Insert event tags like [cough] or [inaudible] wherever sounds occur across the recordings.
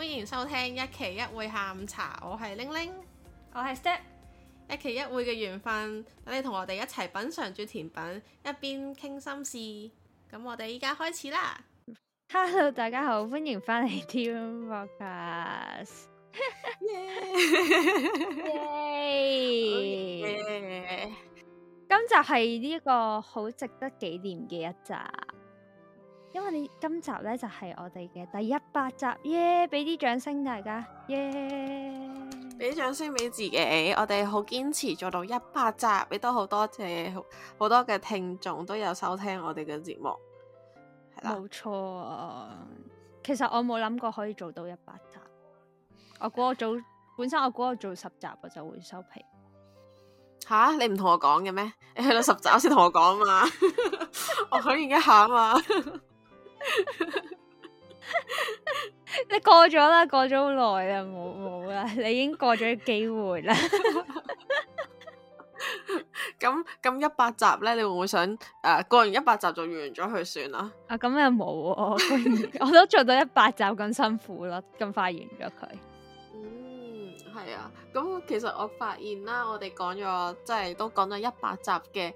歡迎收聽一期一會下午茶，我係玲玲，我係是 Step，一期一會嘅緣分，等你同我哋一齊品嘗住甜品，一邊傾心事。咁我哋依家開始啦。Hello，大家好，歡迎翻嚟 Tearoom Podcast，耶耶，今集係呢個好值得紀念嘅一集。因為你今集咧就係、是、我哋嘅第一百集耶，俾、yeah, 啲掌聲大家耶！俾、yeah. 啲掌聲俾自己，我哋好堅持做到一百集，亦都好多謝好多嘅聽眾都有收聽我哋嘅節目，係啦，冇錯啊！其實我冇諗過可以做到一百集，我估我做本身我估我做十集我就會收皮。吓，你唔同我講嘅咩？你去到十集先同我講啊嘛， [laughs] 我考驗一下啊嘛。 [laughs] [laughs] 你過咗啦，過咗好耐啦，冇冇啦，你已經過咗機會啦。咁咁一百集咧，你會唔會想誒、呃、過完一百集就完咗佢算啦？啊咁又冇，我都做到一百集咁辛苦咯，咁快完咗佢。嗯，係啊。咁其實我發現啦，我哋講咗即係都講咗一百集嘅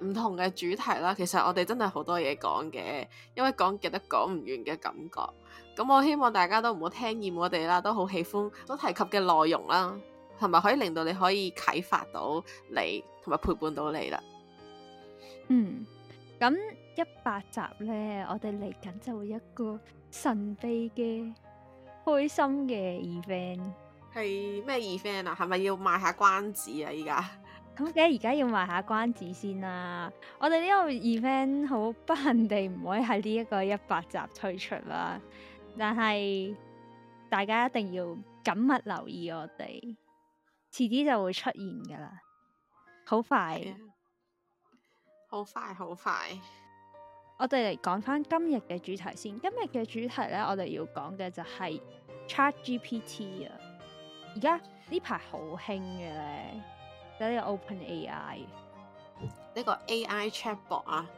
誒，唔同嘅主題啦。其實我哋真係好多嘢講嘅，因為講極都講唔完嘅感覺。咁我希望大家都唔好聽厭我哋啦，都好喜歡所提及嘅內容啦，同埋可以令到你可以啟發到你，同埋陪伴到你啦。嗯，咁一百集咧，我哋嚟緊就會一個神秘嘅開心嘅 event。係咩 event 啊？係咪要賣下關子啊？依家咁梗，而家要賣下關子先啦。我哋呢個 event 好不幸地唔會喺呢一個一百集推出啦。但係大家一定要緊密留意我哋，遲啲就會出現噶啦，好快，好快，好快。我哋嚟講翻今日嘅主題先。今日嘅主題咧，我哋要講嘅就係 Chat GPT 啊。而家呢排好興嘅咧，有呢個 OpenAI 呢個 A I chatbot 啊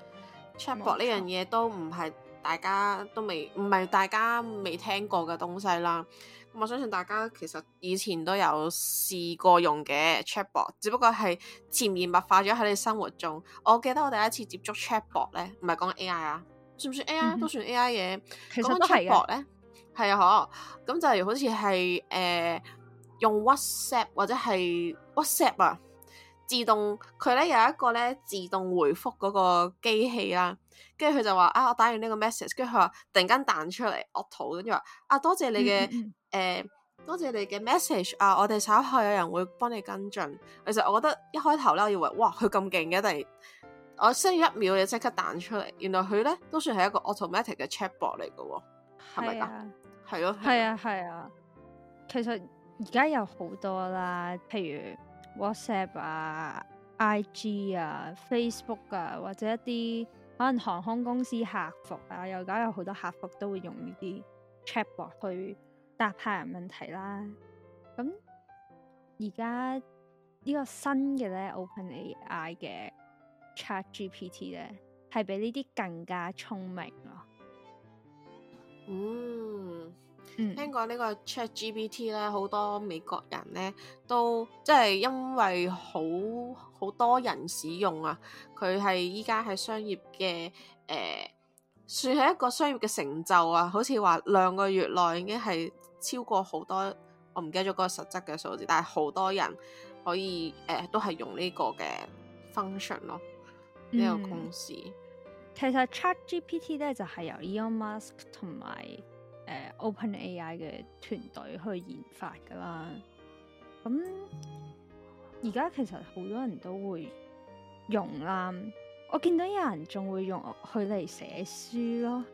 錯，chatbot 呢樣嘢都唔係大家都未，唔係大家未聽過嘅東西啦。咁我相信大家其實以前都有試過用嘅 chatbot，只不過係潛移默化咗喺你生活中。我記得我第一次接觸 chatbot 咧，唔係講 A I 啊，算唔算 A I？嗯、哼都算 A I 嘢。講個 chatbot 咧，係啊，嗬，咁就係好似係誒。呃用 WhatsApp 或者係 WhatsApp 啊，自動佢咧有一個咧自動回覆嗰個機器啦，跟住佢就話啊，我打完呢個 message，跟住佢話突然間彈出嚟 auto，跟住話啊，多謝你嘅誒，多謝你嘅 message 啊，我哋稍後有人會幫你跟進。其實我覺得一開頭咧，我以為哇，佢咁勁嘅，突然我 send 一秒嘢即刻彈出嚟，原來佢咧都算係一個 automatic 嘅 chatbot 嚟嘅喎，係咪啊？係咯，係啊，係啊，其實。而家有好多啦，譬如 WhatsApp 啊、IG 啊、Facebook 啊，或者一啲可能航空公司客服啊，又梗有好多客服都會用呢啲 chatbot 去答客人問題啦。咁而家呢個新嘅咧，OpenAI 嘅 ChatGPT 咧，係比呢啲更加聰明咯。嗯。聽講呢個 ChatGPT 咧，好多美國人咧都即係，因為好好多人使用啊，佢係依家喺商業嘅誒、算、呃、係一個商業嘅成就啊。好似話兩個月內已經係超過好多，我唔記得咗嗰個實質嘅數字，但係好多人可以誒、呃、都係用呢個嘅 function 咯。呢、嗯、個公司其實 ChatGPT 咧就係由 Elon Musk 同埋誒、uh，Open AI 嘅團隊去研發噶啦，咁而家其實好多人都會用啦，我見到有人仲會用佢嚟寫書咯，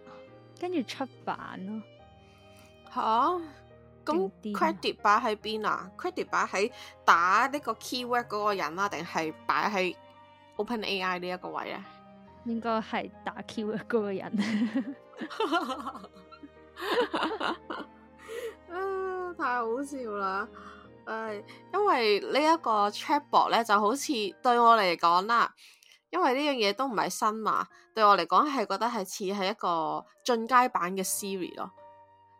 跟住出版咯。吓、啊，咁 credit 擺喺邊啊？credit 擺喺打呢個 keyword 嗰個人啊，定係擺喺 Open AI 呢一個位啊？應該係打 keyword 嘅嗰個人、啊。 [laughs] [laughs] [laughs] 啊、太好笑啦、哎！因為呢一個 Chatbot 咧，就好似對我嚟講啦，因為呢樣嘢都唔係新嘛，對我嚟講係覺得係似係一個進階版嘅 Siri 咯，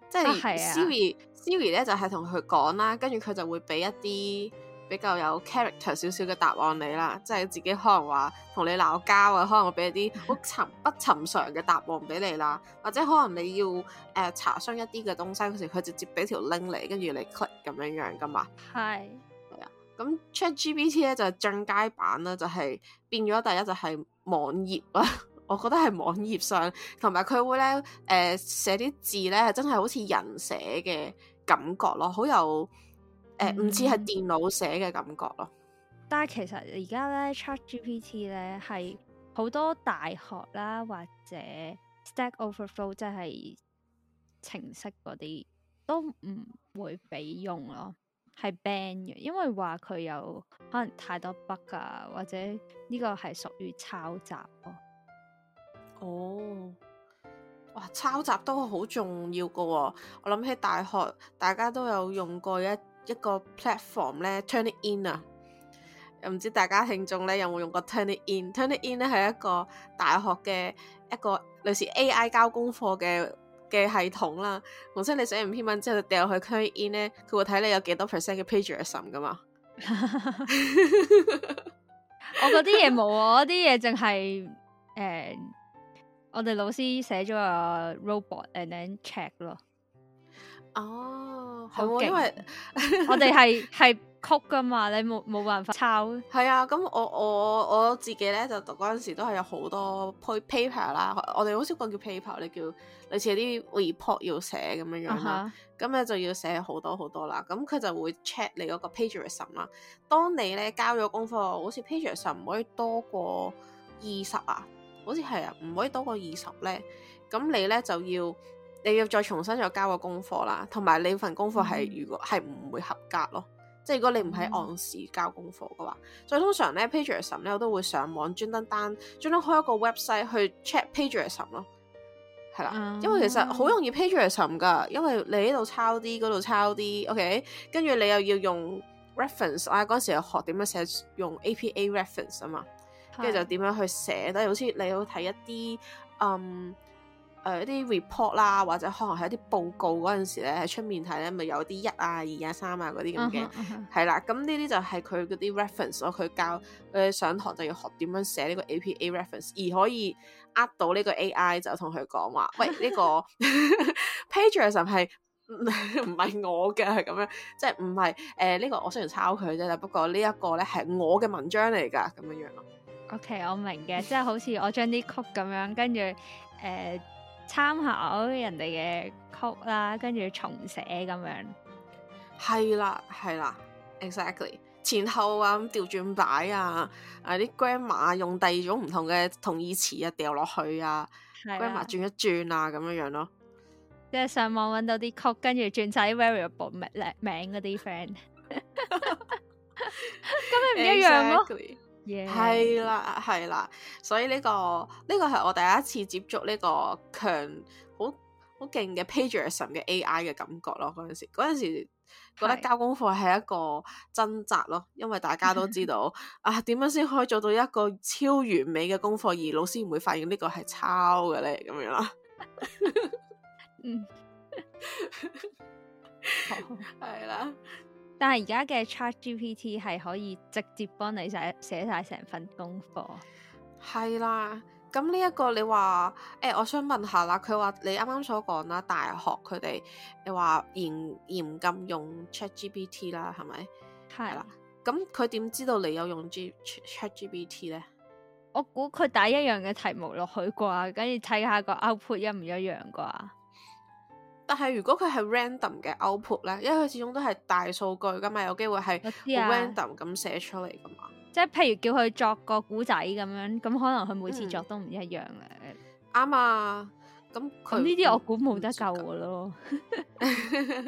即係 Siri，Siri 咧就係同佢講啦，跟住佢就會俾一啲比較有 character 少少嘅答案你啦，即係自己可能話同你鬧交啊，可能我俾一啲好尋不尋常嘅答案俾你啦，或者可能你要誒、呃、查詢一啲嘅東西嗰時，佢直接俾條 link 你，跟住你 click 咁樣樣噶嘛。係，係啊，咁 ChatGPT 咧就係、進階版啦，就係、係、變咗第一就係網頁啦， [laughs] 我覺得係網頁上同埋佢會咧誒、呃、寫啲字咧，真係好似人寫嘅感覺咯，好有～誒唔似係電腦寫嘅感覺咯。但係其實而家咧，Chat GPT 咧係好多大學啦，或者 Stack Overflow 即係程式嗰啲都唔會俾用咯，係 ban 嘅，因為話佢有可能太多 bug 啊，或者呢個係屬於抄襲咯、啊。哦，哇！抄襲都好重要噶喎、哦。我諗起大學大家都有用過一一個 platform 咧 turn it in 啊，又唔知大家聽眾咧有冇用過 turn it in？turn it in 咧係一個大學嘅一個類似 AI 交功課嘅嘅系統啦。頭先你寫完篇文之後掉入去 turn it in 咧，佢會睇你有幾多 percent 嘅 plagiarism 噶嘛？我嗰啲嘢冇，我啲嘢淨係誒，我哋老師寫咗個 robot，and then check 咯。哦。係，啊、因為我哋係係曲噶嘛，你冇冇辦法抄？係 [laughs] 啊，咁我我我自己咧就讀嗰陣時都係有好多 paper 啦，我哋好少講叫 paper 你叫類似啲 report 要寫咁樣樣啦。咁咧、uh huh. 嗯、就要寫好多好多啦。咁佢就會 check 你嗰個 pages 什啦。當你咧交咗功課，好似 pages 什唔可以多過二十啊？好似係啊，唔可以多過二十咧。咁你咧就要。你要再重新再交個功課啦，同埋你份功課係如果係唔會合格咯，即係如果你唔喺按時交功課嘅話，嗯、所以通常咧 plagiarism 咧我都會上網專登單專登開一個 website 去 check plagiarism 咯，係啦，啦嗯、因為其實好容易 plagiarism 噶，因為你喺度抄啲嗰度抄啲，OK，跟住你又要用 reference 啊，嗰陣時又學點樣寫用 APA reference 啊嘛，跟住就點樣去寫，例如是好似你要睇一啲嗯。一啲、呃、report 啦，或者可能係一啲報告嗰陣時咧，喺出面睇咧，咪有啲一啊、二啊、三啊嗰啲咁嘅，係啦。咁呢啲就係佢嗰啲 reference 咯。佢教誒上堂就要學點樣寫呢個 APA reference，而可以呃到呢個 AI 就同佢講話， [laughs] 喂，呢、呢個 page 就係唔係我嘅，係咁樣，即係唔係誒？呢、呃呢個我雖然抄佢啫，不過呢一個咧係我嘅文章嚟㗎，咁樣樣咯。OK，我明嘅，即係 [laughs] 好似我將啲曲咁樣，跟住誒。呃參考人哋嘅曲啦，跟住重寫咁樣。係啦，係啦，exactly 前後啊咁調轉擺啊，啊啲 grammar 用第二種唔同嘅同義詞啊掉落去啊，啊，grammar 轉一轉啊咁樣樣、啊、咯。即係上網搵到啲曲，跟住轉晒 variable 名名嗰啲 friend，咁咪唔一樣咯、啊。Exactly. 係啦，係啦 Yeah.，所以呢個呢個係我第一次接觸呢個強好好勁嘅 plagiarism 嘅 AI 嘅感覺咯。嗰陣時，嗰陣時覺得交功課係一個掙扎咯，因為大家都知道的啊，點樣先可以做到一個超完美嘅功課，而老師唔會發現呢個係抄嘅呢？咁樣。嗯 [laughs] [laughs] 好，係啦。但係而家嘅 Chat GPT 係可以直接幫你寫寫晒成份功課。係啦，咁呢一個你話，誒、欸，我想問下啦，佢話你啱啱所講啦，大學佢哋你話嚴嚴禁用 Chat GPT 啦，係咪？係。係啦，咁佢點知道你有用 G Chat GPT 咧？GP 我估佢打一樣嘅題目落去啩，跟住睇下個 output 一唔一樣啩？但係如果佢係 random 嘅 output 咧，因為佢始終都係大數據噶嘛，有機會係 random 咁寫出嚟噶嘛。啊、即係譬如叫佢作個古仔咁樣，咁可能佢每次作都唔一樣嘅。啱、嗯、啊，咁咁呢啲我估冇得救噶咯。即係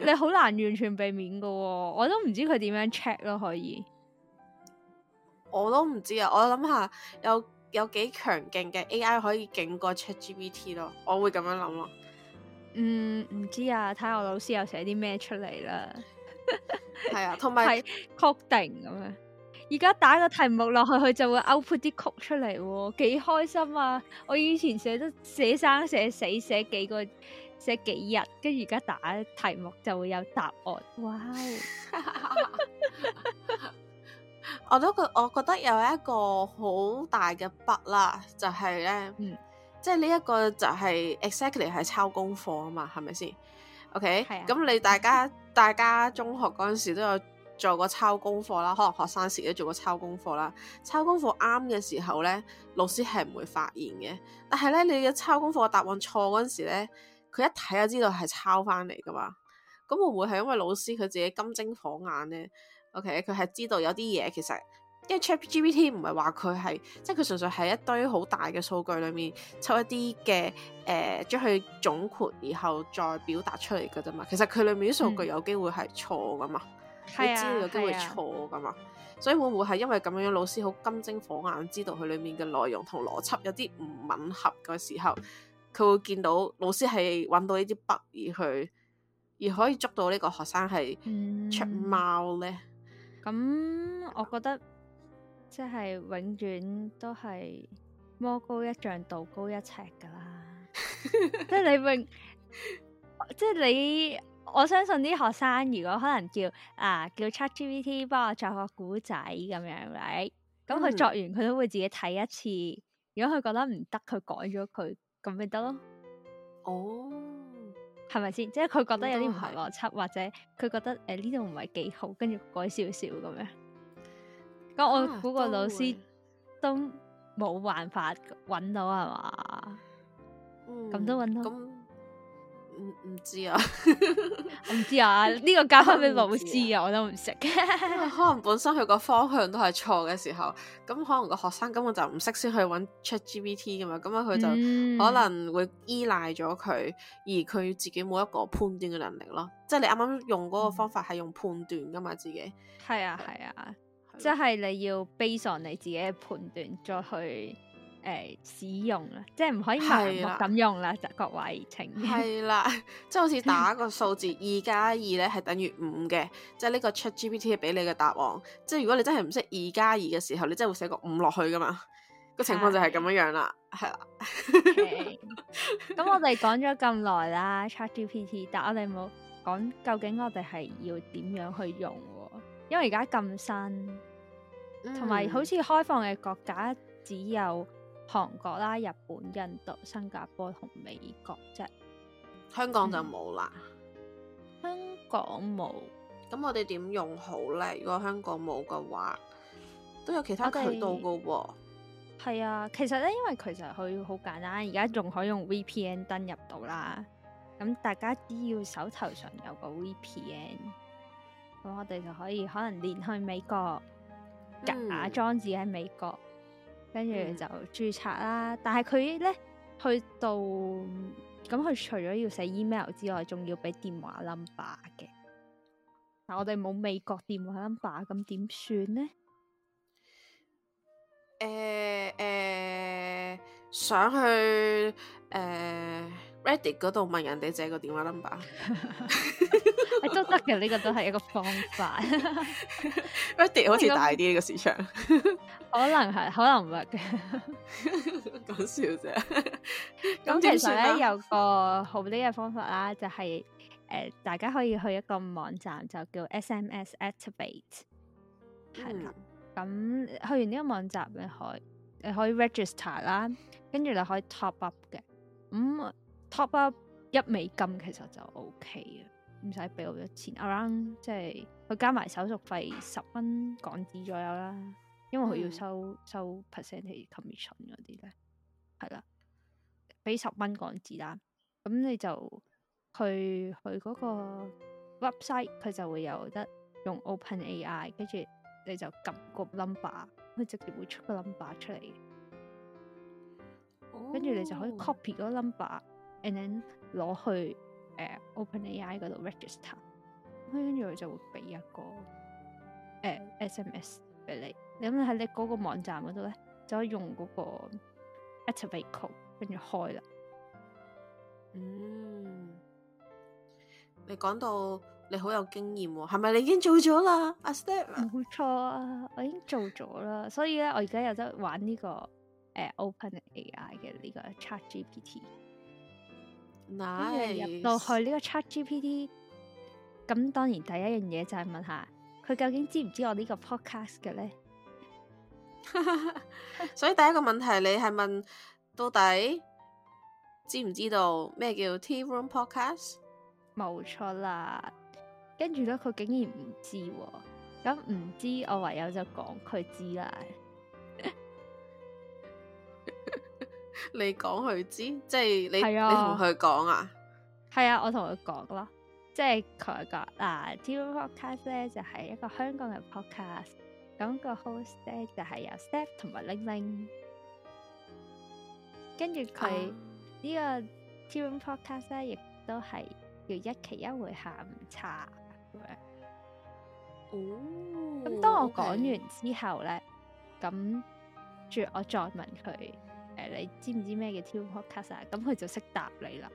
你你好難完全避免噶，我都唔知佢點樣 check 咯。可以，我都唔知啊。我諗下有有，有幾強勁嘅 AI 可以勁過 ChatGPT 咯，我會咁樣諗咯、啊。嗯，唔知啊，睇下我老師又寫啲咩出嚟啦。係 [laughs] 啊，同埋確定咁樣。而家打個題目落去，佢就會 output 啲曲出嚟，啊，幾開心啊！我以前寫得寫生寫死，寫幾個寫幾日，跟住而家打題目就會有答案。哇！我都覺得我覺得有一個好大嘅筆啦，就係、是、咧，嗯。即係呢一個就係 exactly 係抄功課啊嘛，係咪先？OK，咁是、啊嗯、你大家大家中學嗰陣時都有做過抄功課啦，可能學生時都做過抄功課啦。抄功課啱嘅時候呢，老師係唔會發現嘅。但係呢，你嘅抄功課答案錯嗰陣時呢，佢一睇就知道係抄翻嚟噶嘛。咁會唔會係因為老師佢自己金睛火眼呢？OK，佢係知道有啲嘢其實。因為 ChatGPT 唔係話佢係，即係佢純粹係一堆好大嘅數據裏面抽一啲嘅，誒、呃、將佢總括，然後再表達出嚟嘅啫嘛。其實佢裏面啲數據有機會係錯嘅嘛，你知道有機會錯嘅嘛。啊啊、所以會唔會係因為咁樣，老師好金睛火眼，知道佢裏面嘅內容同邏輯有啲唔吻合嘅時候，佢會見到老師係揾到呢啲 bug 而去，而可以捉到呢個學生係出貓咧？咁、嗯嗯、我覺得。即係永遠都係魔高一丈，道高一尺噶啦， [laughs] 即係你永，即係你我相信啲學生如果可能叫啊叫 ChatGPT 幫我作個古仔咁樣嚟，咁佢作完佢都會自己睇一次，嗯、如果佢覺得唔得佢改咗佢咁咪得咯。哦，係咪先？即係佢覺得有啲唔合邏輯，或者佢覺得誒呢度唔係幾好，跟住改少少咁樣。咁我估個老師、啊、都冇辦法揾到係嘛，咁都揾到，唔唔、嗯嗯、知啊， [laughs] 我唔知啊，呢、呢個交翻俾老師啊，我都唔識。 [laughs] 可能本身佢個方向都係錯嘅時候，咁可能個學生根本就唔識先去揾 ChatGPT 噶嘛，咁樣佢就可能會依賴咗佢，嗯、而佢自己冇一個判斷嘅能力咯。即係你啱啱用嗰個方法係用判斷噶嘛，自己係啊係啊。即係你要 base on 你自己嘅判斷再去誒、呃、使用啦，即係唔可以盲目咁用啦，各位是的。情係啦，即係好似打個數字二加二咧係等於五嘅，即係呢個 Chat GPT 俾你嘅答案。即係如果你真係唔識二加二嘅時候，你真係會寫個五落去噶嘛？個情況就係咁樣樣啦，係啦。咁我哋講咗咁耐啦，Chat GPT，但係我哋冇講，究竟我哋係要點樣去用，因為而家咁新。同埋、嗯、好似開放嘅國家只有韓國啦，日本、印度、新加坡同美國啫，嗯。香港就冇啦。香港冇。咁我哋點用好呢？如果香港冇嘅話，都有其他渠道㗎喎。係 Okay. 啊，其實咧，因為其實佢好簡單，而家仲可以用 VPN 登入到啦。咁大家只要手頭上有個 VPN，咁我哋就可以可能連去美國。假裝自己喺美國，跟住就註冊啦。嗯、但係佢咧去到咁，佢、嗯、除咗要寫 email 之外，仲要俾電話 number 嘅。但我哋冇美國電話 number，咁點算呢？誒誒、呃呃，想去誒、呃、Reddit 嗰度問人哋借個電話 number。 [laughs] [laughs] 都得嘅，呢個都係一個方法，Reddit [laughs] 好似大啲呢為個市場， [laughs] 可能係可能唔係嘅，講笑啫。咁其實咧、嗯呃、有個好啲嘅方法啦，就係、是、誒、呃，大家可以去一個網站就叫 S M S Activate，係啦。咁去完呢個網站咧，可誒可以，以 register 啦，跟住咧可以 top up 嘅。咁、嗯、top up 一美金其實就 O K 啊。唔使俾好多錢，around 即係佢加埋手續費十蚊港紙左右啦，因為佢要收收 percentage commission 嗰啲咧，係啦，俾十蚊港紙啦，咁你就去去嗰個 website，佢就會有得用 OpenAI，跟住你就撳個 number，佢直接會出個 number 出嚟，跟住你就可以 copy 嗰個 number，and then 攞去 OpenAI 嗰度 register，跟住佢就會俾一個誒、呃、SMS 俾你。你咁你喺你嗰個網站嗰度咧，就可以用嗰、那個 Activate code 跟住開啦。嗯，你講到你好有經驗喎、哦，係咪你已經做咗啦？阿 Step，冇錯啊，我已經做咗啦，所以咧我而家有得玩呢、這個誒、呃、OpenAI 嘅呢、這個 ChatGPT。嗱，入到 Nice. 去呢個 Chat GPT，咁當然第一樣嘢就係問下佢究竟知唔知我個呢個 podcast 嘅咧？所以第一個問題你係問到底知唔知道咩叫 Tea Room Podcast？冇錯啦，跟住咧佢竟然唔知咁唔知，我唯有就講佢知啦。你講佢知，即係你你同佢講啊？係啊，啊，我同佢講咯，即係佢講嗱，Tearoom Podcast 咧就係、是、一個香港嘅 podcast，咁個 host 咧就係、是、由 Step 同埋玲玲，跟住佢呢個 Tearoom Podcast 咧亦都係要一期一會下午茶咁樣。咁、哦、當我講完之後咧，咁住、哦 okay. 我再問佢。誒，你知唔知咩叫 Tearoom Podcast？咁佢就識答你啦。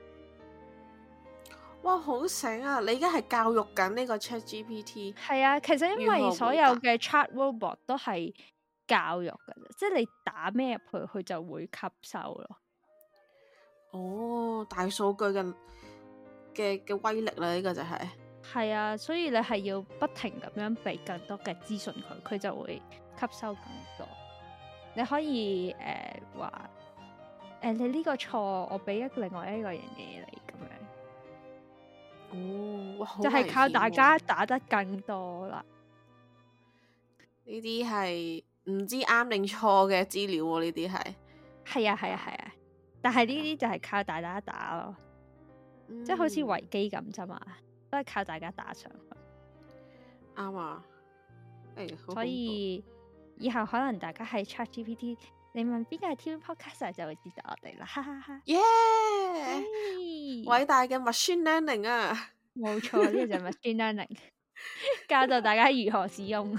哇，好醒啊！你而家係教育緊呢個 Chat GPT。係啊，其實因為所有嘅 Chat Robot 都係教育噶，即係你打咩入去，佢就會吸收咯。哦，大數據嘅嘅嘅威力啦，呢、這個就係、是。係啊，所以你係要不停咁樣俾更多嘅資訊佢，佢就會吸收更多。你可以誒。呃話誒、欸，你呢個錯，我俾一另外一個人嘢你咁樣。哦哦、就係靠大家打得更多啦。呢啲係唔知啱定錯嘅資料喎，呢啲係。係啊，係啊，係啊，但係呢啲就係靠大家打咯，即係、嗯、好似維基咁啫嘛，都係靠大家打上去。啱啊、嗯，所以以後可能大家喺 Chat GPT。你問邊個係 Tearoom Podcast 就就會知道我哋啦，哈哈哈！Yeah，偉大嘅 machine learning 啊，冇錯，呢個就係 machine learning，教導大家如何使用。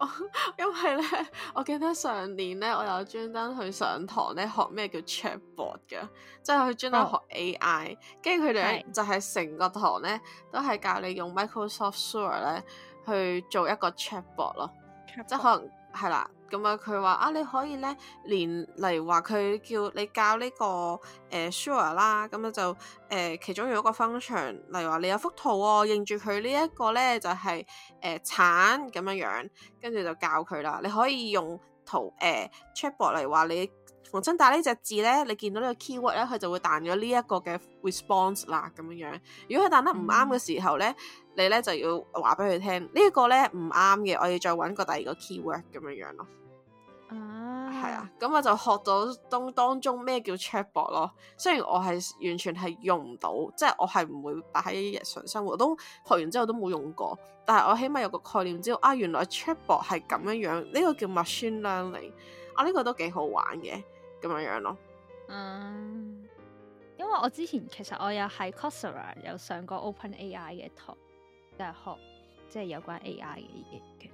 我因為咧，我記得上年咧，我有專登去上堂咧，學咩叫 chatbot 嘅，即係去專登學 AI，跟住佢哋就係成個堂咧都係教你用 Microsoft Azure 咧去做一個 chatbot 咯，即係可能。係啦，咁啊佢話啊，你可以咧連嚟話佢叫你教呢、這個誒、呃、sure 啦，咁樣就誒、呃、其中有一個 function，例如話你有幅圖啊、哦，認住佢呢一個咧就係誒鏟咁樣樣，跟住就教佢啦。你可以用圖誒、呃、checkboard 嚟話你。我真打隻呢隻字咧，你見到個呢個 keyword 咧，佢就會彈咗呢一個嘅 response 啦，咁樣樣。如果佢彈得唔啱嘅時候咧，嗯、你咧就要話俾佢聽，這個、呢一個咧唔啱嘅，我要再揾個第二個 keyword 咁樣樣咯。啊，係啊，咁我就學到當當中咩叫 chatbot 咯。雖然我係完全係用唔到，即係我係唔會擺喺日常生活都學完之後都冇用過，但係我起碼有個概念知道啊，原來 chatbot 係咁樣樣，呢、這個叫 machine learning。我呢、啊這個都幾好玩嘅，咁樣樣咯。嗯，因為我之前其實我有喺 Coursera 有上過 Open AI 嘅堂，即、就、係、是、學即係、就是、有關 AI 嘅嘢嘅。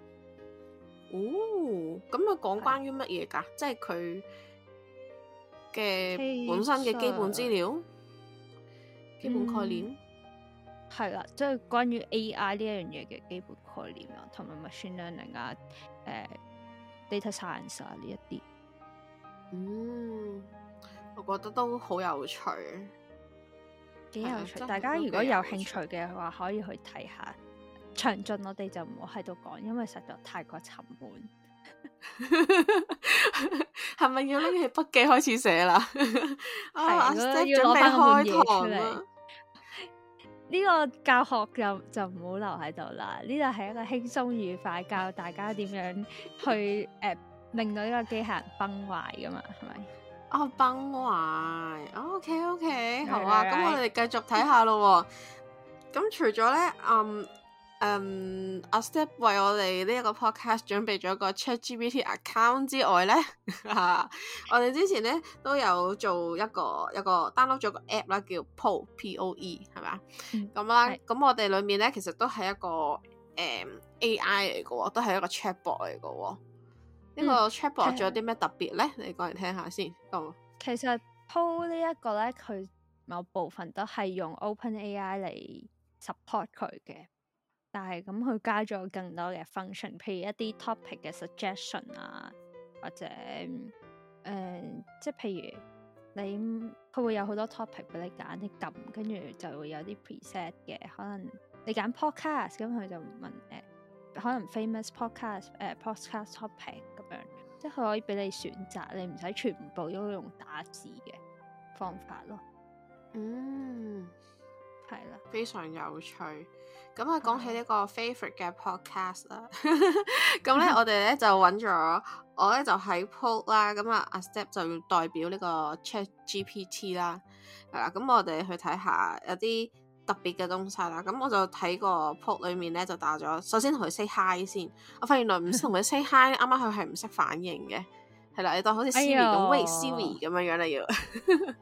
哦，咁佢講關於乜嘢㗎？是即係佢嘅本身嘅基本資料、K, 嗯、基本概念。係啦、嗯，即係、就是、關於 AI 呢一樣嘢嘅基本概念啊，同埋 machine learning 啊、呃，誒。Data Science 啊，呢一啲，嗯，我覺得都好有趣，幾有趣。嗯、大家如果有興趣嘅話，可以去睇下。詳盡、嗯、我哋就唔好喺度講，因為實在太過沉悶。係咪要拎起筆記開始寫啦？係呀，即係準備開堂呢個教學就就唔好留喺度啦，呢度係一個輕鬆愉快，教大家點樣去誒、呃、令到呢個機械崩壞噶嘛，係咪？哦，崩壞，OK OK、嗯、好啊，咁、呃、我哋繼續睇下咯喎。咁 [laughs] 除咗咧，嗯。嗯，阿、um, Step 為我哋呢一個 podcast 準備咗個 ChatGPT account 之外咧， [laughs] 我哋之前咧都有做一個一個 download 咗個 app 啦，叫 Po P O E 係咪？咁啦，咁我哋裏面咧其實都係一個誒、um, AI 嚟嘅，都係一個 Chatbot 嚟嘅。呢、這個 Chatbot 仲有啲咩特別咧？嗯、你講嚟聽下先。哦，其實 Po 呢一個咧，佢某部分都係用 OpenAI 嚟 support 佢嘅。但係咁，佢加咗更多嘅 function，譬如一啲 topic 嘅 suggestion 啊，或者誒、呃，即係譬如你佢會有好多 topic 俾你揀，你撳，跟住就會有啲 preset 嘅，可能你揀 podcast，咁佢就問誒，可能 famous podcast 誒、呃、podcast topic 咁樣，即係佢可以俾你選擇，你唔使全部都用打字嘅方法咯。嗯。非常有趣，咁 [laughs] 呢 [laughs] 啊講起呢個 favorite 嘅 podcast 啦，咁咧我哋咧就揾咗我咧就喺 p o l 啦，咁啊阿 step 就要代表呢個 Chat GPT 啦，係啦，咁我哋去睇下有啲特別嘅東西啦，咁我就睇個 p o l 裏面咧就打咗，首先同佢 say hi 先，我發現原來唔識同佢 say hi，啱啱佢係唔識反應嘅，係啦，你當好似、哎、呦 Siri 咁，喂 Siri 咁樣樣嚟要。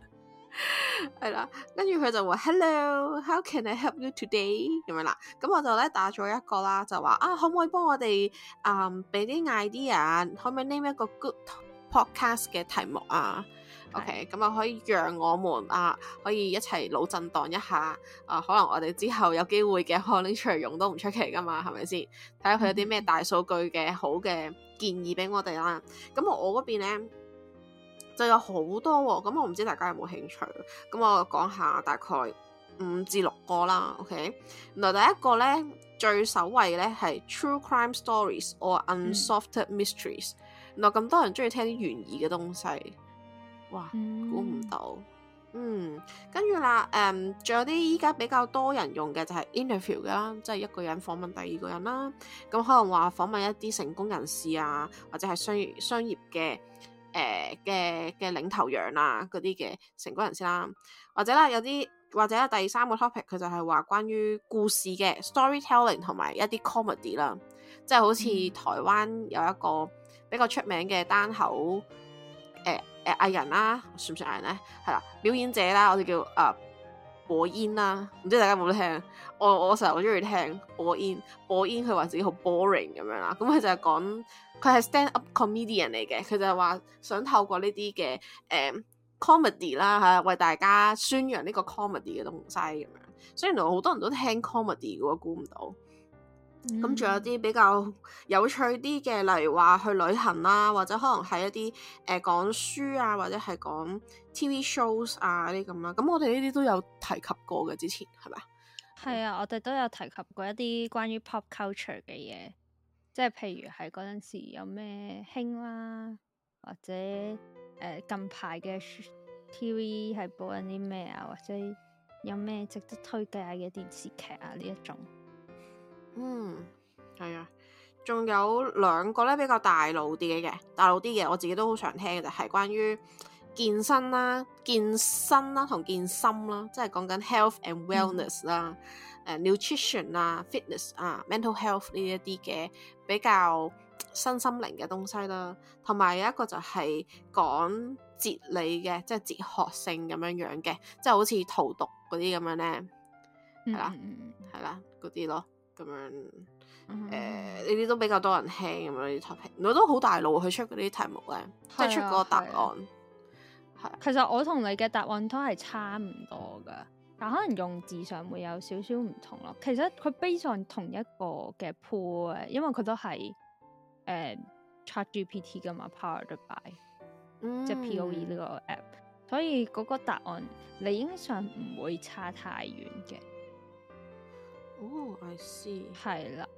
係啦，跟住佢就話 Hello，How can I help you today？咁樣啦，咁我就咧打咗一個啦，就話啊，可唔可以幫我哋啊俾、嗯、啲 idea？可唔可以 name 一個 good podcast 嘅題目啊？OK，咁啊的可以讓我們啊可以一齊腦震盪一下啊，可能我哋之後有機會嘅可拎出嚟用都唔出奇噶嘛，係咪先？睇下佢有啲咩大數據嘅好嘅建議俾我哋啦。咁、嗯、我嗰邊咧。就有好多喎、哦，咁、嗯、我唔知大家有冇興趣，咁、嗯、我講下大概五至六個啦。OK，原來第一個咧，最首位咧係 true crime stories or unsolved mysteries。嗯、原來咁多人中意聽啲懸疑嘅東西，哇，估唔到。嗯，跟住啦，誒、嗯，仲有啲依家比較多人用嘅就係 interview 㗎啦，即、就、係、是、一個人訪問第二個人啦。咁可能話訪問一啲成功人士啊，或者係商商業嘅。誒嘅嘅領頭羊啊，嗰啲嘅成功人士啦，或者啦有啲，或者啦，第三個 topic 佢就係話關於故事嘅 storytelling 同埋一啲 comedy 啦，即係好似台灣有一個比較出名嘅單口誒誒藝人啦，算唔算藝人咧？係啦，表演者啦，我哋叫啊。呃我煙啦，唔知大家有冇得聽？我我成日好中意聽我煙，我煙佢話自己好 boring 咁樣啦，咁佢就係講佢係 stand up comedian 嚟嘅，佢就係話想透過呢啲嘅誒 comedy 啦、啊、嚇，為大家宣揚呢個 comedy 嘅東西咁樣，所以原來好多人都聽 comedy 嘅喎，估唔到。咁仲、嗯、有啲比較有趣啲嘅，例如話去旅行啦，或者可能係一啲誒、呃、講書啊，或者係講 TV shows 啊啲咁啦。咁我哋呢啲都有提及過嘅，之前係咪啊？係、嗯、啊，我哋都有提及過一啲關於 pop culture 嘅嘢，即係譬如係嗰陣時有咩興啦，或者誒、呃、近排嘅 TV 係播緊啲咩啊，或者有咩值得推介嘅電視劇啊呢一種。嗯，係啊，仲有兩個咧比較大路啲嘅，大路啲嘅，我自己都好常聽嘅就係、是、關於健身啦、啊、健身啦、啊、同健身啦、啊，即係講緊 health and wellness 啦、嗯、誒 nutrition 啦、fitness 啊，啊、mental health 呢一啲嘅比較身心靈嘅東西啦，同埋有一個就係講哲理嘅，即係哲學性咁樣樣嘅，即係好似陶讀嗰啲咁樣咧，係啦，係啦嗰啲咯。咁樣，誒、mm，呢、hmm. 啲、呃、都比較多人聽咁樣啲 topic，佢都好大路去出嗰啲題目咧，啊、即係出嗰個答案。係、啊，啊、其實我同你嘅答案都係差唔多噶，但可能用字上會有少少唔同咯。其實佢 base 上同一個嘅 pool，因為佢都係誒 ChatGPT 噶嘛，Powered by 即係 Poe 呢個 app，所以嗰個答案理應上唔會差太遠嘅。哦、oh,，I see。係啦，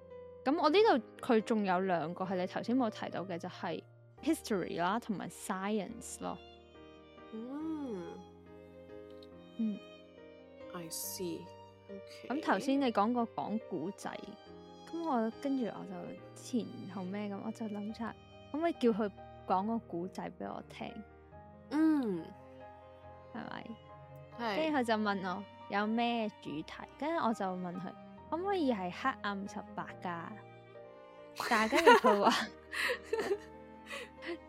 咁我呢度佢仲有兩個係你頭先冇提到嘅，就係 history 啦，同埋 science 咯。嗯，I see、okay. 嗯。咁頭先你講過講古仔，咁我跟住我就前後咩咁，我就諗出，可唔可以叫佢講個古仔俾我聽？嗯、mm.，係咪是？跟住佢就問我有咩主題，跟住我就問佢。可唔可以係黑暗十八噶？ [laughs] [laughs] 但係佢話，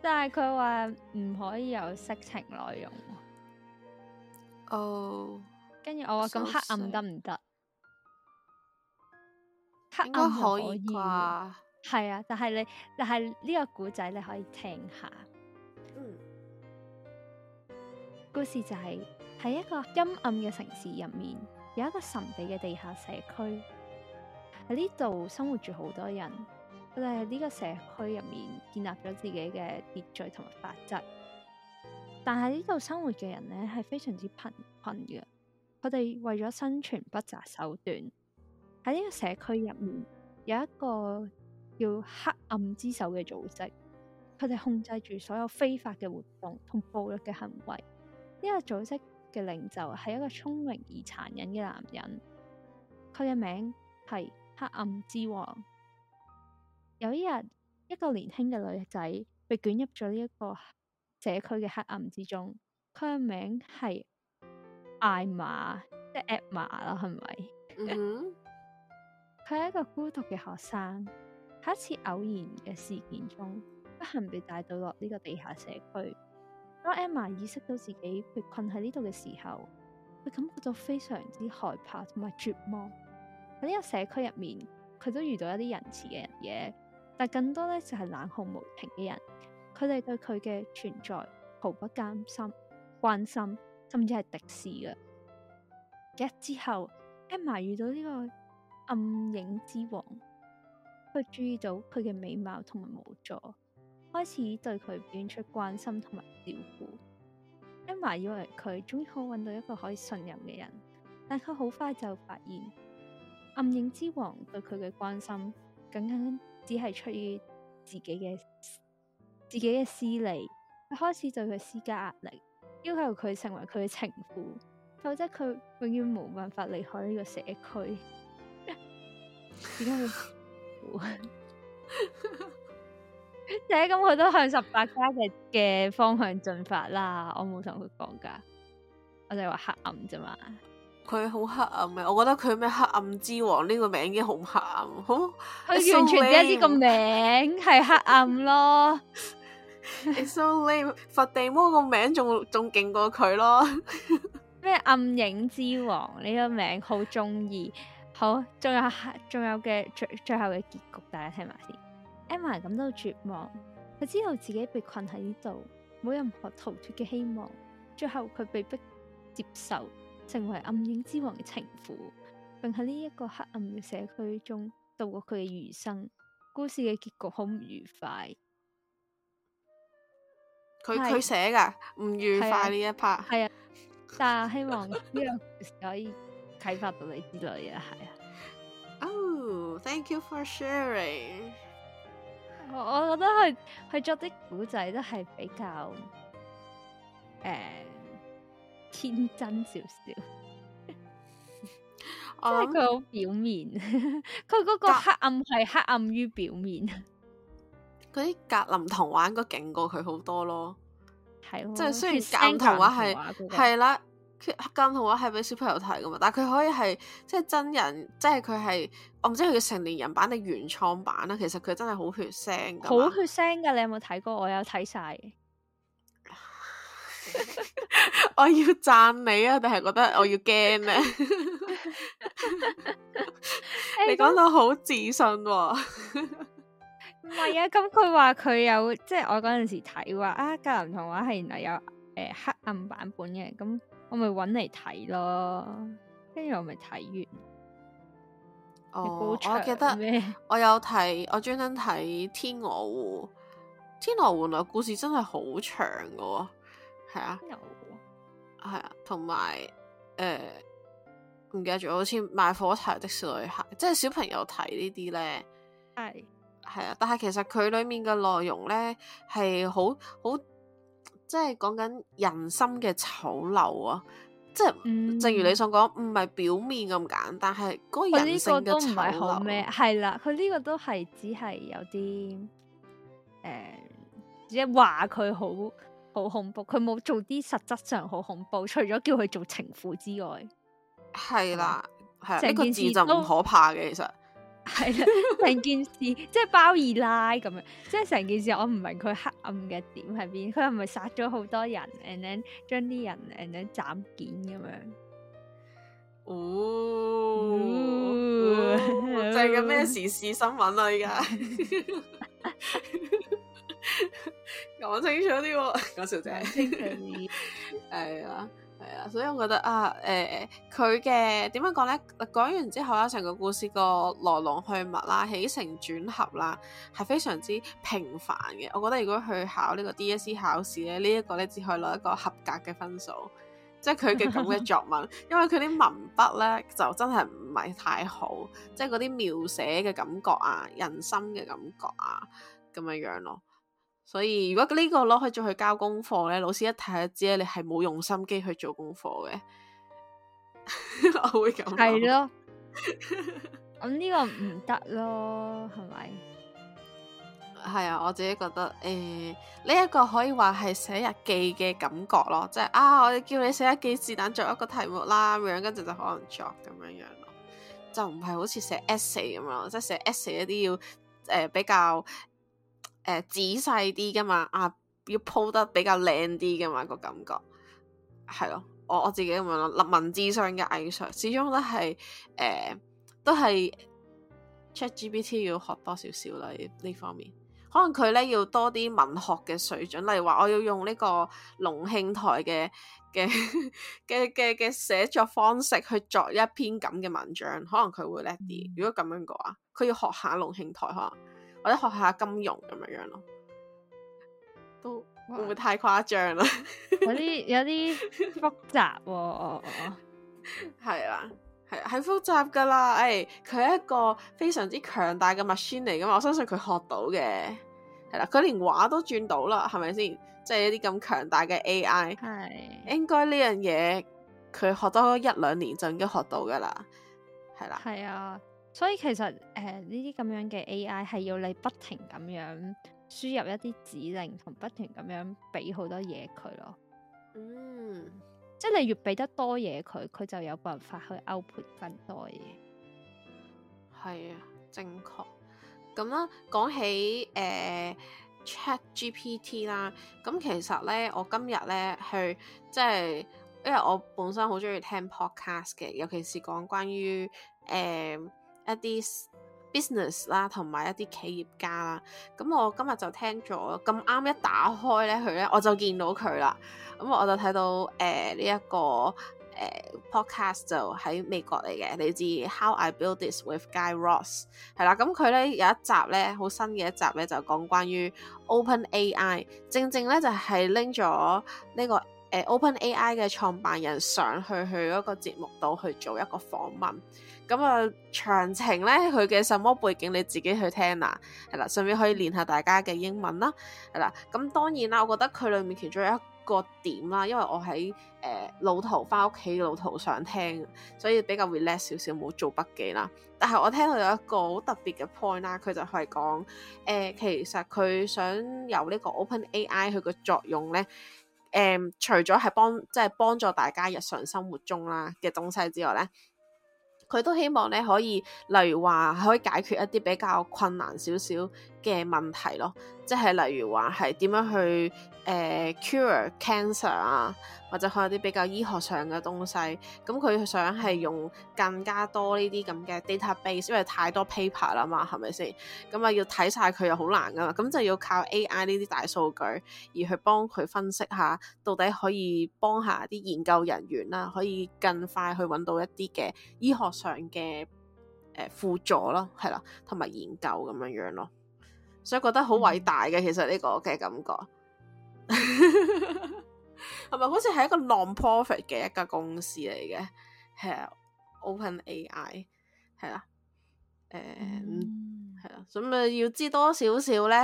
但係佢話唔可以有色情內容。哦、oh,，跟住我話咁黑暗得唔得？黑暗可以啩？係 [laughs] 啊，但係你，但係呢個故仔你可以聽下。Mm. 故事就係、是、喺一個陰暗嘅城市入面，有一個神秘嘅地下社區。喺呢度生活住好多人，佢哋喺呢個社區入面建立咗自己嘅秩序同埋法則。但係呢度生活嘅人呢，係非常之貧困嘅。佢哋為咗生存不擇手段。喺呢個社區入面有一個叫黑暗之手嘅組織，佢哋控制住所有非法嘅活動同暴力嘅行為。呢個組織嘅領袖係一個聰明而殘忍嘅男人，佢嘅名係。黑暗之王。有一日，一個年輕嘅女仔被捲入咗呢一個社區嘅黑暗之中。佢嘅名係艾瑪，即 [laughs] 係 Emma 啦，係咪？嗯哼。佢係一個孤獨嘅學生。喺一次偶然嘅事件中，不幸被帶到落呢個地下社區。當 Emma 意識到自己被困喺呢度嘅時候，佢感覺到非常之害怕同埋絕望。喺呢個社區入面，佢都遇到一啲仁慈嘅人嘢，但更多咧就係、是、冷酷無情嘅人。佢哋對佢嘅存在毫不關心，關心甚至係敵視嘅。一之後，Emma 遇到呢個暗影之王，佢注意到佢嘅美貌同埋無助，開始對佢表現出關心同埋照顧。Emma 以為佢終於可以揾到一個可以信任嘅人，但佢好快就發現。暗影之王對佢嘅關心僅僅只係出於自己嘅自己嘅私利，佢開始對佢施加壓力，要求佢成為佢嘅情婦，否則佢永遠冇辦法離開呢個社區。點解會？而且咁佢都向十八家嘅嘅方向進發啦，我冇同佢講㗎，我就話黑暗啫嘛。佢好黑暗嘅，我覺得佢咩黑暗之王呢個名已經好黑暗，好，佢完全一呢個名係黑暗咯。It's so lame. 佛地魔個名仲仲勁過佢咯。咩 [laughs] 暗影之王呢個名好中意，好，仲有仲有嘅最最後嘅結局，大家聽埋先。Emma 感到絕望，佢知道自己被困喺呢度，冇任何逃脫嘅希望。最後佢被逼接受。成為暗影之王嘅情婦，並喺呢一個黑暗嘅社區中度過佢嘅餘生。故事嘅結局好唔愉快。佢佢寫噶唔愉快呢一 part。係啊,啊,啊，但係希望呢個故事可以啟發到你之類啊，係啊。Oh, thank you for sharing 我。我我覺得佢佢作啲古仔都係比較誒。呃天真少少，即係佢好表面，佢嗰個黑暗係黑暗於表面格。嗰啲 [laughs] 格林童話應該勁過佢好多咯，係咯。即係雖然 [laughs] 格林童話係係啦，佢格林童話係俾小朋友睇噶嘛，但係佢可以係即係真人，即係佢係我唔知佢嘅成年人版定原創版啦。其實佢真係好血腥，好血腥噶。你有冇睇過？我有睇晒。我要讚你啊，定係覺得我要驚咧？ [laughs] 你講到好自信喎、啊欸，唔係 [laughs] 啊？咁佢話佢有，即、就、係、是、我嗰陣時睇話啊，啊《格林童話》係原來有誒、呃、黑暗版本嘅，咁我咪搵嚟睇咯。跟住我咪睇完。哦，覺得我記得我有睇，我專登睇《天鵝湖》。《天鵝湖》原來故事真係好長㗎，係啊。係啊，同埋誒，唔、呃、記得咗，好似賣火柴的小女孩，即係小朋友睇呢啲咧，係係是啊，但係其實佢裏面嘅內容咧係好好，即係講緊人心嘅醜陋啊，即係，嗯、正如你想講，唔係表面咁簡單，但係嗰人性嘅醜陋，好。咩？係啦，佢呢個都係、啊、只係有啲誒、呃，即係話佢好。好恐怖，佢冇做啲實質上好恐怖，除咗叫佢做情婦之外，係啦、嗯，係啦，呢個字就唔可怕嘅，其實係啦，成 [laughs] 件事 [laughs] 即係包二奶咁樣，即係成件事我唔明佢黑暗嘅點喺邊，佢係咪殺咗好多人，and then 將啲人 and then 斬件咁樣？哦，就係咁咩時事新聞啊而家？ [laughs] [laughs] 講清楚啲，講笑啫。係啊，係啊。 [laughs] [laughs] 所以我覺得啊，誒、呃，佢嘅點樣講咧？講完之後啦，成個故事個來龍去脈啦，起承轉合啦，係、啊、非常之平凡嘅。我覺得如果去考呢個 DSE 考試咧，呢、啊、一、這個咧只可以攞一個合格嘅分數。即係佢嘅咁嘅作文， [laughs] 因為佢啲文筆咧就真係唔係太好，即係嗰啲描寫嘅感覺啊，人心嘅感覺啊，咁樣樣咯。所以如果呢個攞去再去交功課咧，老師一睇就知你係冇用心機去做功課嘅。 [laughs] 我會咁係的 [laughs] 咯，咁呢個唔得咯，係咪？係啊，我自己覺得誒、呢、呃、一、這個可以話係寫日記嘅感覺咯，即係啊，我叫你寫日記是但作一個題目啦咁樣，跟住就可能作咁樣樣咯，就唔係好似寫 essay 咁樣，即係寫 essay 一啲要誒、呃、比較。誒、呃，仔細啲噶嘛，啊，要鋪得比較靚啲噶嘛，個感覺係咯，我我自己咁樣咯。文字上嘅藝術，始終都係誒，都係 ChatGPT 要學多少少啦呢方面。可能佢咧要多啲文學嘅水準，例如話我要用呢個龍慶台嘅嘅嘅嘅嘅寫作方式去作一篇咁嘅文章，可能佢會叻啲。嗯、如果咁樣嘅話，佢要學下龍慶台可能。或者學下金融咁樣樣咯，都會唔會太誇張啦？有啲有啲複雜喎、哦，係啦，係係、 [laughs] 啊、複雜噶啦。誒、哎，佢係一個非常之強大嘅 machine 嚟噶嘛，我相信佢學到嘅係啦，佢、啊、連畫都轉到啦，係咪先？即、就、係、是、一啲咁強大嘅 AI，係是應該呢樣嘢佢學多一兩年就已經學到噶啦，係啦，係啊。所以其實誒呢啲咁樣嘅 A.I. 係要你不停咁樣輸入一啲指令，同不停咁樣俾好多嘢佢咯。嗯，即係你越俾得多嘢佢，佢就有辦法去 output 更多嘢。係啊，正確咁啦、嗯。講起誒、呃、Chat GPT 啦，咁、嗯、其實咧，我今日咧去即係因為我本身好鍾意聽 podcast 嘅，尤其是講關於誒、呃一啲 business 啦，同埋一啲企業家啦。咁我今日就聽咗咁啱一打開咧，佢咧我就見到佢啦。咁我就睇到誒呢一個誒、呃、podcast 就喺美國嚟嘅，你知《How I Build This with Guy Ross》係啦。咁佢咧有一集咧好新嘅一集咧，就講關於 OpenAI。正正咧就係拎咗呢個誒、呃、OpenAI 嘅創辦人上去去一個節目度去做一個訪問。咁啊、呃，詳情咧，佢嘅什麼背景你自己去聽啦，係啦，順便可以練下大家嘅英文啦，係啦。咁、嗯、當然啦，我覺得佢裡面其中有一個點啦，因為我喺誒路途翻屋企嘅路途上聽，所以比較 relax 少少，冇做筆記啦。但係我聽到有一個好特別嘅 point 啦，佢就係講誒、呃，其實佢想有呢個 Open AI 佢個作用咧，誒、呃，除咗係幫即係、就是、幫助大家日常生活中啦嘅東西之外咧。佢都希望咧可以，例如話可以解決一啲比較困難少少嘅問題咯，即係例如話係點樣去誒 cure cancer 啊，或者可有啲比較醫學上嘅東西咁，佢想係用更加多呢啲咁嘅 database，因為太多 paper 啦嘛，係咪先咁啊？要睇晒佢又好難噶嘛，咁就要靠 AI 呢啲大數據而去幫佢分析下，到底可以幫一下啲研究人員啦、啊，可以更快去揾到一啲嘅醫學上嘅誒、呃、輔助咯，係啦，同埋研究咁樣樣咯。所以覺得好偉大嘅，其實呢個嘅感覺，係 [laughs] 咪好似係一個 non-profit 嘅一個公司嚟嘅，係 OpenAI，係啦，誒，係、嗯、啦，咁啊要知多少少咧，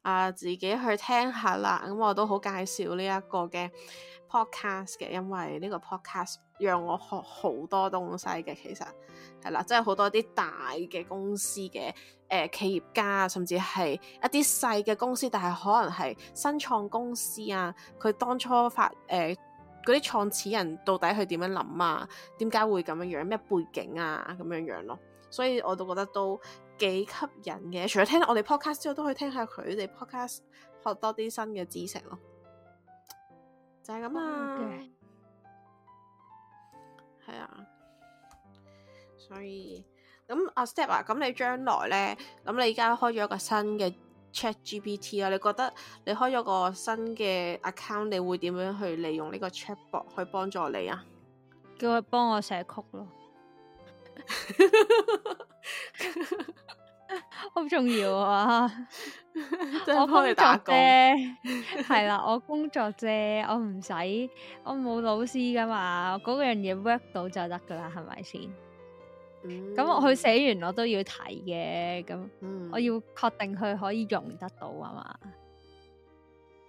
啊、呃、自己去聽下啦，咁我都好介紹呢一個嘅 podcast 嘅，因為呢個 podcast，讓我學好多東西嘅，其實係啦，即係好多啲大嘅公司嘅誒、呃、企業家，甚至係一啲細嘅公司，但係可能係新創公司啊，佢當初發誒嗰啲創始人到底佢點樣諗啊？點解會咁樣樣咩背景啊？咁樣樣咯，所以我都覺得都幾吸引嘅。除咗聽我哋 podcast 之外，都可以聽下佢哋 podcast，學多啲新嘅知識咯。就係、是、咁啊！啊所以咁阿 Step 啊，咁你將來咧，咁你而家開咗一個新嘅 Chat GPT 啊。你覺得你開咗個新嘅 account，你會點樣去利用呢個 Chatbot 去幫助你啊？叫佢幫我寫曲咯，好 [laughs] [laughs] [laughs] 重要啊！幫你打工啫，係 [laughs] 啦， [laughs] 我工作啫，我唔使，我冇老師噶嘛，嗰樣嘢 work 到就得噶啦，係咪先？咁、嗯、我去寫完我，我都要睇嘅，咁我要確定佢可以用得到啊嘛。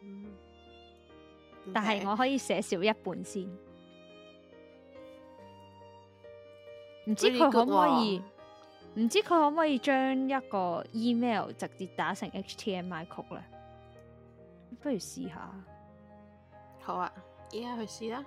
嗯、吧但係我可以寫少一半先，唔知佢可唔可以？唔、啊、知佢可唔可以將一個 email 直接打成 HTML code 咧？不如試下，好啊，而家去試啦。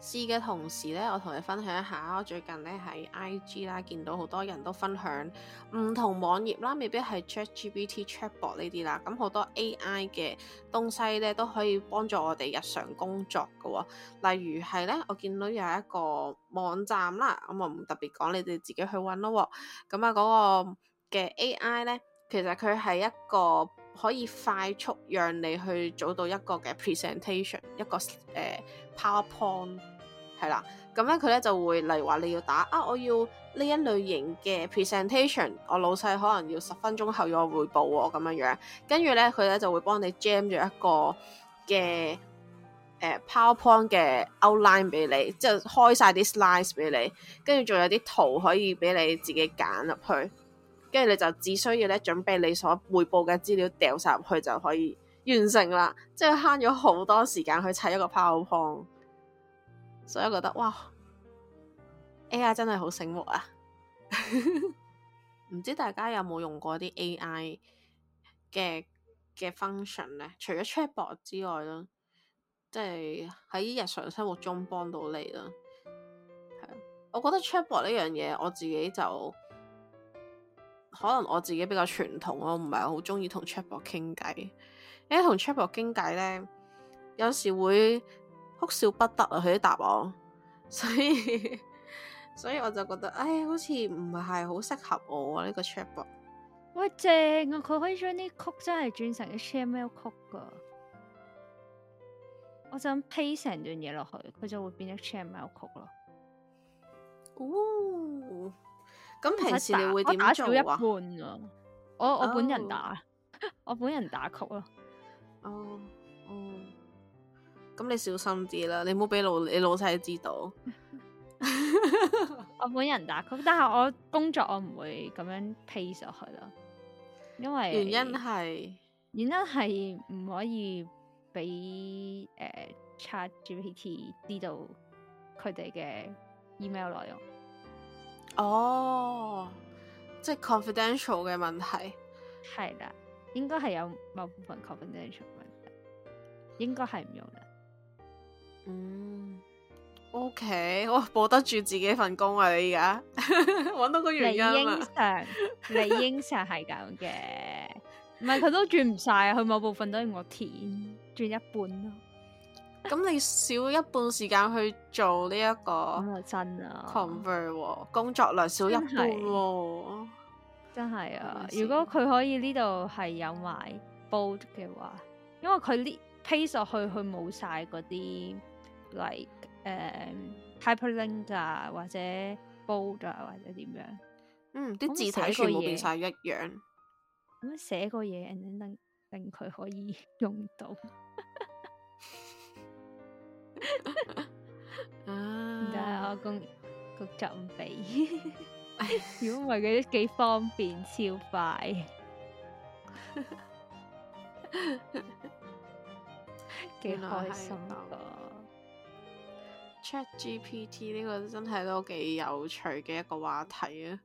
試嘅同時咧，我同你分享一下，我最近咧喺 IG 啦見到好多人都分享唔同網頁啦，未必係 ChatGPT、Chatbot 呢啲啦，咁好多 AI 嘅東西咧都可以幫助我哋日常工作嘅喎、哦。例如係咧，我見到有一個網站啦，咁啊我唔特別講，你哋自己去揾咯。咁啊嗰、那個嘅 AI 咧，其實佢係一個可以快速讓你去做到一個嘅 presentation，一個誒。呃 PowerPoint 係啦，咁咧佢咧就會，例如話你要打啊，我要呢一類型嘅 presentation，我老細可能要十分鐘後要我匯報、哦，咁樣樣，跟住咧佢咧就會幫你 jam 咗一個嘅誒、呃、PowerPoint 嘅 outline 俾你，即係開晒啲 slides 俾你，跟住仲有啲圖可以俾你自己揀入去，跟住你就只需要咧準備你所匯報嘅資料掉晒入去就可以。完成啦，即係慳咗好多時間去砌一個 PowerPoint，所以我覺得，哇，AI 真係好醒目啊！唔 [laughs] 知大家有冇用過啲 AI 嘅嘅 function 咧？除咗 Chatbot 之外啦，即係喺日常生活中幫到你啦。我覺得 Chatbot 呢樣嘢，我自己就可能我自己比較傳統，我唔係好中意同 Chatbot 傾偈。誒，同 ChatGPT 傾偈咧，有時會哭笑不得啊！佢啲答案，所以所以我就覺得，唉，好似唔係好適合我啊！呢、這個 ChatGPT，哇正啊！佢可以將啲曲真係轉成一 Chill Mel 曲噶，我想 paste 成段嘢落去，佢就會變成一 Chill Mel 曲咯。哦，咁平時你會點做啊？我我，一半啊我，我本人打，oh. [laughs] 我本人打曲咯。哦，哦，oh, oh，咁你小心啲啦，你唔好俾老你老細知道。我本人打，但係我工作我唔會咁樣 paste 上去咯，因為原因係原因係唔可以俾誒 ChatGPT，uh, 知道佢哋嘅 email 內容。哦，oh, 即係 confidential 嘅問題，係啦。 [laughs] [music] [music] 應該係有某部分 cover 真係出問題，應該係唔用啦。嗯，OK，我保得住自己份工啊！你而家搵到個原因啦。理應上，理應上係咁嘅，唔係佢都轉唔晒啊！佢某部分都用我填，轉一半咯。咁你少一半時間去做呢一個真啊 cover 工作量少一半。真係啊！如果佢可以呢度係有埋 bold 嘅話，因為佢呢 paste 落去佢冇晒嗰啲 like 誒、um, hyperlink 啊，或者 bold 啊，或者點樣？嗯，啲字體全冇晒一樣。咁、嗯、寫個嘢，你令佢可以用到？啊！得我講就唔畀。 [laughs] 如果唔係，佢都幾方便，超快，幾開心噶、啊。Chat GPT 呢個真係都幾有趣嘅一個話題啊。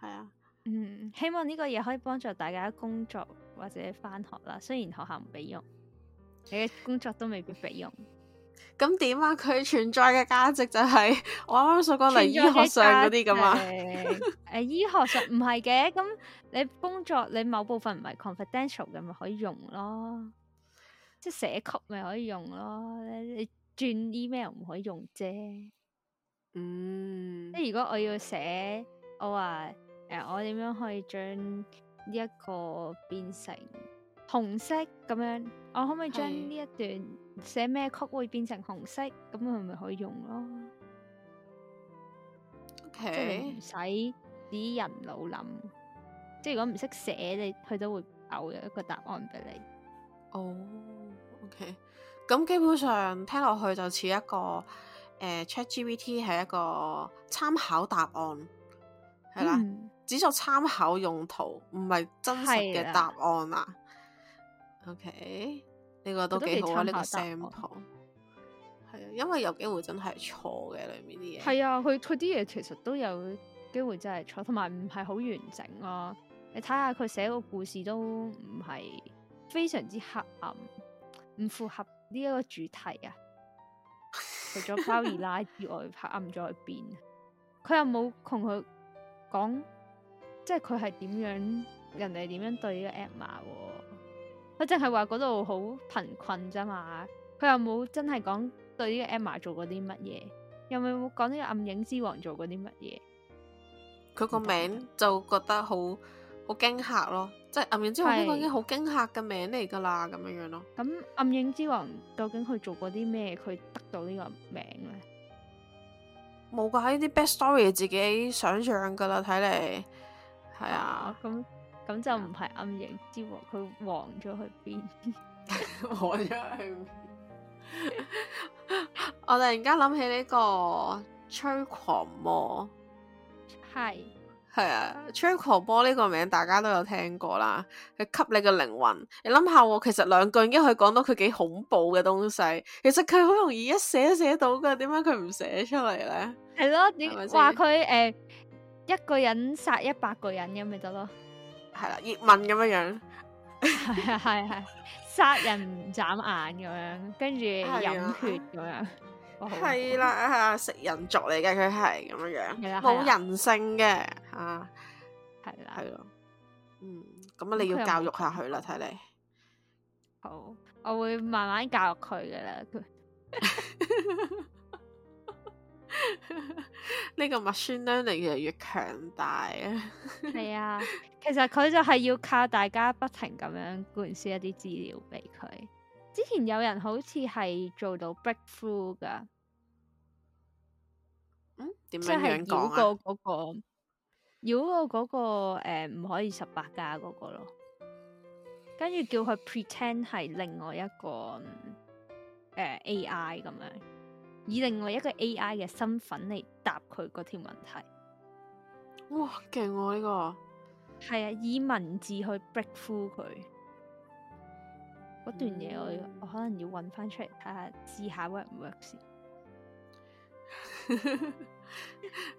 係啊，嗯，希望呢個嘢可以幫助大家工作或者返學啦。雖然學校唔俾用， [laughs] 你嘅工作都未必俾用。咁點啊？佢存在嘅價值就係、是、我啱啱所講嚟，醫學上嗰啲噶啊。誒， [laughs] 醫學上唔係嘅，咁你工作你某部分唔係 confidential 嘅咪可以用咯， [laughs] 即係寫曲咪可以用咯，你你轉 email 唔可以用啫。嗯，即係如果我要寫，我話誒、呃，我點樣可以將呢一個變成紅色咁樣？我可唔可以將呢一段寫咩曲會變成紅色？咁佢咪可以用咯？OK，即係唔使啲人腦諗。即係如果唔識寫，你佢都會有一個答案俾你。哦，OK。咁基本上聽落去就似一個呃，ChatGPT 係一個參考答案，係啦，只作參考用途，唔係真實嘅答案啊。O K，呢個都幾好。呢個 sample 係啊，因為有機會真係錯嘅，裏面啲嘢係啊，佢佢啲嘢其實都有機會真係錯，同埋唔係好完整囉。你睇下佢寫個故事都唔係非常之黑暗，唔符合呢一個主題啊。除咗包二奶以外，黑暗咗喺邊？佢又冇同佢講，即係佢係點樣，人哋點樣對呢個 Emma。即淨係話嗰度好貧困啫嘛，佢又冇真係講對呢個 Emma 做過啲乜嘢，又冇講呢個暗影之王做過啲乜嘢。佢個名就覺得好好驚嚇咯，即係暗影之王呢個是已經好驚嚇嘅名嚟噶啦，咁樣樣咯。咁、嗯、暗影之王究竟佢做過啲咩？佢得到呢個名咧？冇噶，呢啲 best story 自己想象噶啦，睇嚟係啊，咁、啊。嗯咁就唔係暗影之王，佢黃咗去邊？黃咗 [laughs] 去邊？ [laughs] [laughs] [laughs] 我突然間諗起呢、這個吹狂魔》。係係啊！吹狂魔》呢 Hi.、啊、個名大家都有聽過啦。佢吸你個靈魂，你諗下，其實兩句已經可以講到佢幾恐怖嘅東西。其實佢好容易一寫寫到噶，點解佢唔寫出嚟咧？係咯了，是是你話佢誒，一個人殺一百個人咁咪得咯？係啦，葉問咁樣樣，係啊係係，殺人眨眼咁樣，跟住飲血咁樣，係啦了， [laughs] 食人族嚟嘅佢係咁樣樣，冇了人性嘅啊，係啦了，係咯了，嗯，咁你要教育下佢啦，睇嚟、嗯，好，我會慢慢教育佢嘅啦佢。 [laughs] [laughs] 呢 [laughs] 個 machine learning 越嚟越強大啊！ [laughs] 係啊，其實佢就係要靠大家不停咁樣灌輸一啲資料俾佢。之前有人好似係做到 breakthrough 噶，嗯、即係繞過嗰、那個繞、啊、過嗰、那個誒唔、呃、可以十八架嗰個咯，跟住叫佢 pretend 係另外一個誒、呃、AI 咁樣。以另外一個 AI 嘅身份嚟答佢嗰條問題，哇勁啊呢個！係啊，以文字去 break through 佢嗰、嗯、段嘢，我我可能要揾翻出嚟睇下，試下 work 唔 work 先。 [laughs]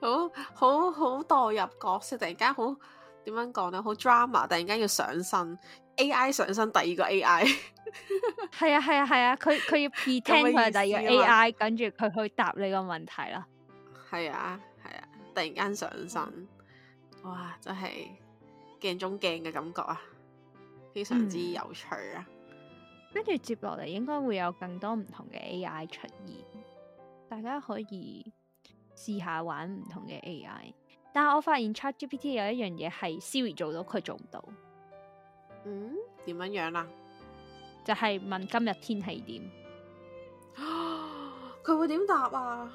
好好好，好代入角色，突然間好點樣講呢？好 drama！突然間要上身 AI，上身第二個 AI。係 [laughs] [laughs] 啊，係啊，係啊，佢佢要 pretend 佢係第二個 A.I.，跟住佢去答你個問題啦。係啊，係啊，突然間上身， [laughs] 哇，真係鏡中鏡嘅感覺啊，非常之有趣啊。跟住、嗯、接落嚟，應該會有更多唔同嘅 A.I. 出現，大家可以試下玩唔同嘅 A.I.，但係我發現 Chat G.P.T. 有一樣嘢係 Siri 做到，佢做唔到。嗯，點樣樣啊？就係問今日天氣點？佢會點答啊？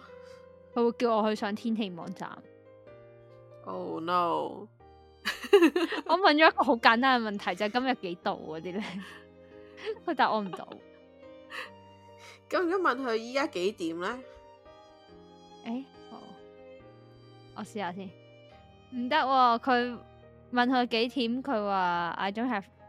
佢會叫我去上天氣網站。Oh no！我問咗一個好簡單嘅問題，就係今日幾度嗰啲咧。佢答我唔到。咁如果問佢依家幾點咧？誒，好，我試下先。唔得，佢問佢幾點，佢話 I don't have。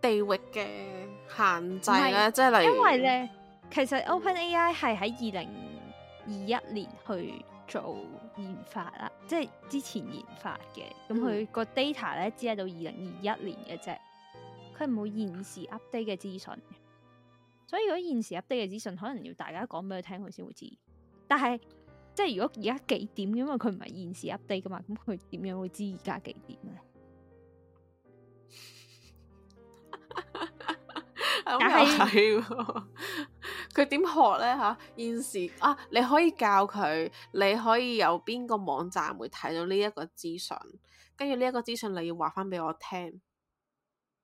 地域嘅限制咧，即係例如，因為咧，其實 Open AI 係喺二零二一年去做研發啦，即係之前研發嘅，咁佢個 data 咧，只係到二零二一年嘅啫，佢冇現時 update 嘅資訊。所以如果現時 update 嘅資訊，可能要大家講俾佢聽，佢先會知。但係即係如果而家幾點，因為佢唔係現時 update 噶嘛咁佢點樣會知而家幾點咧？咁又睇佢點學咧吓、啊？現時啊，你可以教佢，你可以有邊個網站會睇到呢一個資訊，跟住呢一個資訊你要話翻俾我聽，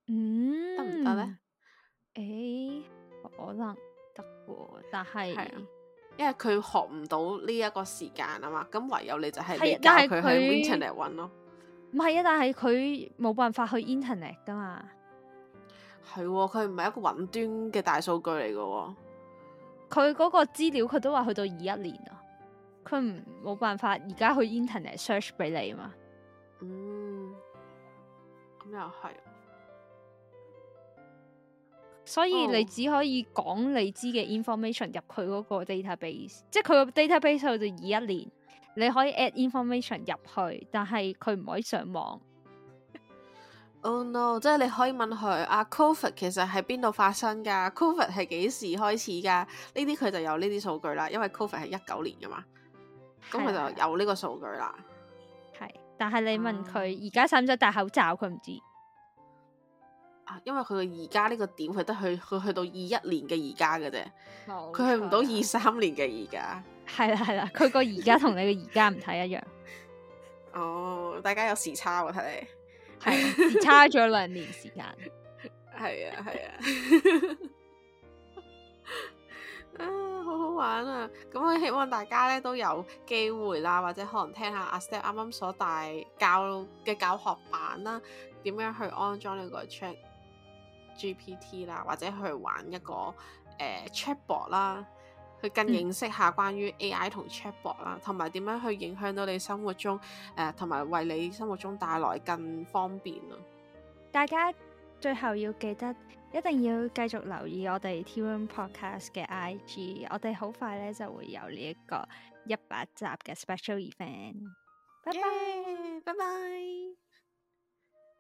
嗯，得唔得咧？誒、欸，可能得嘅、啊，但係、啊、因為佢學唔到呢一個時間啊嘛，咁唯有你就係教佢喺 internet 搵咯。唔係啊，但係佢冇辦法去 internet 噶嘛。係喎，佢唔係一個雲端嘅大數據嚟嘅喎，佢嗰個資料佢都話去到二一年啊，佢唔冇辦法而家去 internet search 俾你啊嘛，嗯，咁又係，所以、oh. 你只可以講你知嘅 information 入佢嗰個 database，即係佢個 database 去到二一年，你可以 add information 入去，但係佢唔可以上網。哦、oh、no！即係你可以問佢阿、啊、Covid 其實喺邊度發生噶？Covid 係幾時開始噶？呢啲佢就有呢啲數據啦，因為 Covid 係一九年噶嘛，咁佢的就有呢個數據啦。係，但係你問佢而家使唔使戴口罩，佢唔知。啊，因為佢而家呢個點，佢得去佢去到二一年嘅而家嘅啫，佢去唔到二三年嘅而家。係啦係啦，佢個而家同你嘅而家唔太一樣。哦， [laughs] [laughs] oh，大家有時差喎，睇嚟。係 [laughs] 差咗兩年時間，係啊係啊，啊， [laughs] [laughs] 啊好好玩啊！咁我希望大家咧都有機會啦，或者可能聽下阿 Step 啱啱所帶教嘅教學版啦，點樣去安裝呢個 Chat GPT 啦，或者去玩一個誒、呃、Chatbot 啦。去更認識下關於 AI 同 Chatbot 啦、嗯，同埋點樣去影響到你生活中，誒同埋為你生活中帶來更方便咯。大家最後要記得，一定要繼續留意我哋 Tearoom Podcast 嘅 IG，我哋好快咧就會有呢一個一百集嘅 Special Event。拜拜，拜拜。